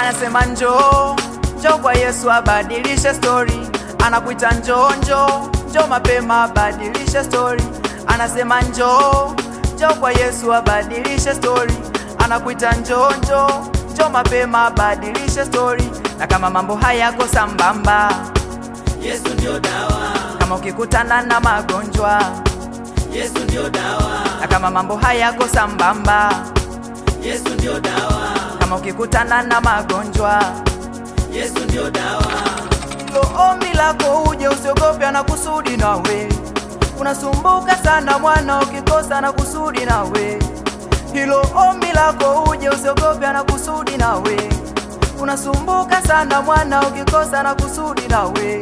anasema njoo njoo kwa Yesu abadilishe story, anakuita njoo njoo njoo mapema abadilishe story, anasema njoo njoo kwa Yesu abadilishe story, anakuita njoo njoo njoo mapema abadilishe stori. Na kama mambo hayako sambamba, Yesu ndio dawa. Kama ukikutana na magonjwa, Yesu ndio dawa. Na kama mambo hayako sambamba, Yesu ndio dawa kama ukikutana na magonjwa, Yesu ndio dawa. Ndio ombi lako uje, usiogope, ana kusudi nawe. Unasumbuka sana mwana, ukikosa na kusudi nawe. Hilo ombi lako uje, usiogope, ana kusudi nawe. Unasumbuka sana mwana, ukikosa na kusudi nawe.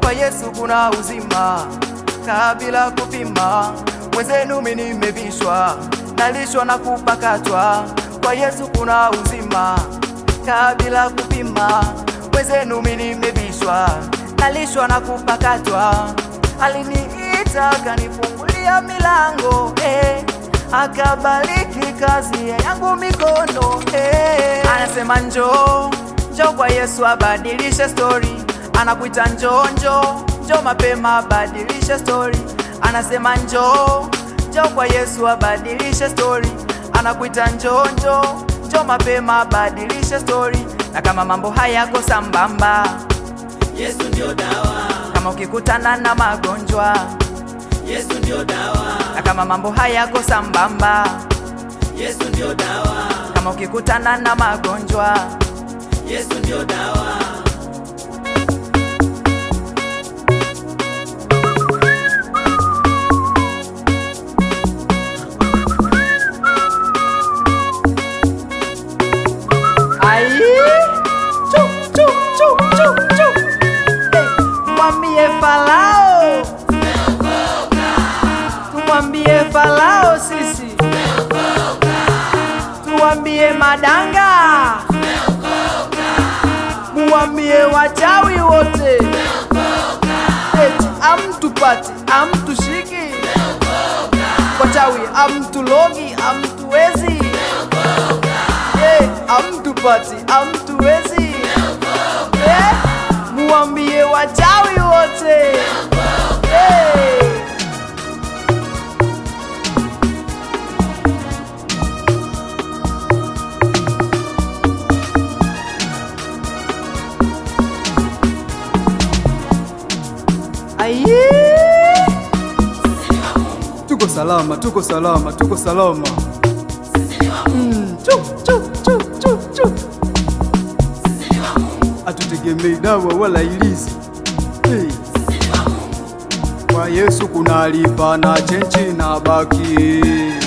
Kwa Yesu kuna uzima kabila kupima. Mwenzenu mimi nimevishwa, nalishwa na kupakatwa kwa Yesu kuna uzima kabila kupima. Mwenzenu mimi nimebishwa, nalishwa na kupakatwa. Aliniita kanifungulia milango eh, akabariki kazi yangu mikono eh. Anasema njoo njoo kwa Yesu abadilishe story, anakuita njoo njoo njoo mapema abadilishe story. anasema njoo njoo kwa Yesu abadilishe story anakuita njonjo, njo mapema, badilisha stori, na kama mambo hayako sambamba, Yesu ndio dawa. Kama ukikutana na magonjwa, Yesu ndio dawa. Na kama mambo hayako sambamba, Yesu ndio dawa. Kama ukikutana na magonjwa, Yesu ndio dawa. Tumwambie Farao, tumwambie Farao sisi, tuwambie madanga, muwambie wachawi wote, eti amtupati, amtushiki wachawi, amtulogi, amtuwezi, amtupati, amtuwezi, muwambie wachawi wote hey. Tuko salama, tuko salama, tuko salama. Mm, atutegemei dawa wala ilizi kwa Yesu kunalipa na chenji na baki